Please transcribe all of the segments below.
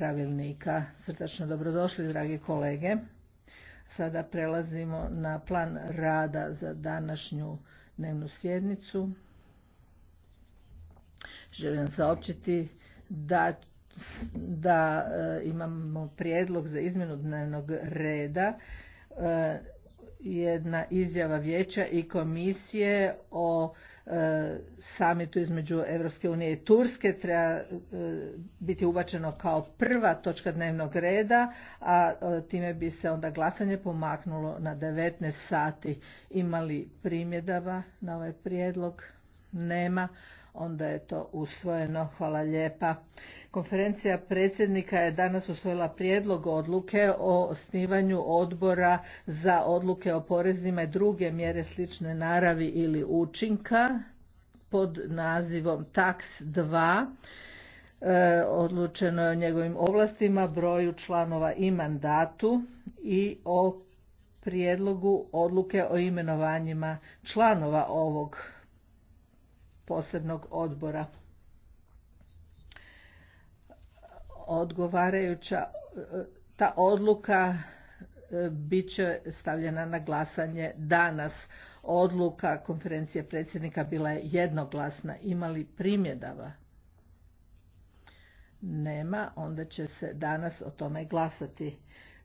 pravilnika. Srdačno dobrodošli, dragi kolege. Sada prelazimo na plan rada za današnju dnevnu sjednicu. Želim saopćiti da, da e, imamo prijedlog za izmjenu dnevnog reda. E, jedna izjava vijeća i komisije o e, samitu između Europske unije i Turske treba e, biti ubačeno kao prva točka dnevnog reda, a e, time bi se onda glasanje pomaknulo na 19 sati. Imali primjedaba na ovaj prijedlog? nema, onda je to usvojeno. Hvala lijepa. Konferencija predsjednika je danas usvojila prijedlog odluke o osnivanju odbora za odluke o porezima i druge mjere slične naravi ili učinka pod nazivom TAX 2. E, odlučeno je o njegovim ovlastima, broju članova i mandatu i o prijedlogu odluke o imenovanjima članova ovog posebnog odbora. Odgovarajuća ta odluka e, bit će stavljena na glasanje danas. Odluka konferencije predsjednika bila je jednoglasna. imali primjedava? Nema, onda će se danas o tome glasati.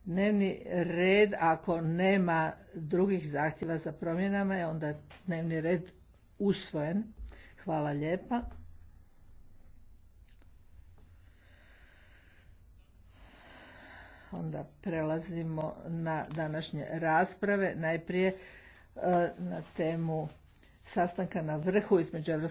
Dnevni red, ako nema drugih zahtjeva za promjenama, je onda dnevni red usvojen. Hvala lijepa. Onda prelazimo na današnje rasprave. Najprije e, na temu sastanka na vrhu između